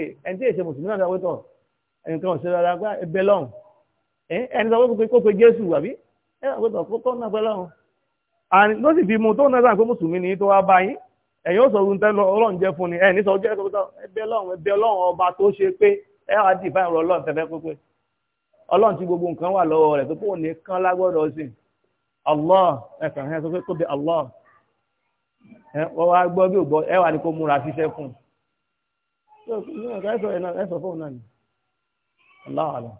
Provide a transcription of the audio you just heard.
ẹni tí èsè mùsùlùmí náà dáwọ́ tọ̀ ẹnìkan ọ̀sẹ̀ rárá gbá ẹbẹ lọ́hùn ẹni sọ pé kó pe jésù àbí ẹnì àgbẹ̀tọ̀ kó náà pẹ́ lọ́hùn àní ló sì fi mu tó náà sàn pé mùsùlùmí ni tó wá bá yín ẹ̀yin ó sọ ohun tẹ́ ọlọ́run jẹ́ fún ni ẹni sọ jẹ́ ẹbẹ lọ́hùn ẹbẹ lọ́hùn ọba tó ṣe pé ẹ wá dì fáwọn ọlọ́run tẹ́fẹ́ pípé ọlọ́run tí gbogbo nǹkan wà lọ́wọ́ rẹ̀ tó kó ní kán lágbọ́dọ̀ sí allah ẹ̀kàn ẹ̀ sọ pé kó allah ẹ wọ́n wá gbọ́ bí ò gbọ́ ẹ wà ní kó múra ṣiṣẹ́ fún un ẹ̀sọ̀ ẹ̀ náà ẹ̀sọ̀ fóun náà ni aláàlá.